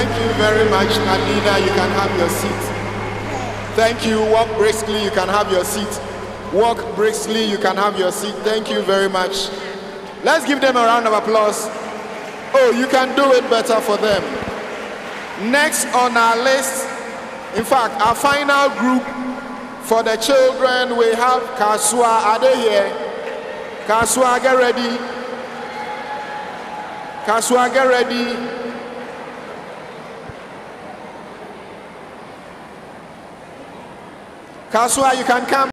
Thank you very much, Nadina. You can have your seat. Thank you. Walk briskly. You can have your seat. Walk briskly. You can have your seat. Thank you very much. Let's give them a round of applause. Oh, you can do it better for them. Next on our list, in fact, our final group for the children, we have Kasua here? Kasua, get ready. Kasua, get ready. Kasua, you can come.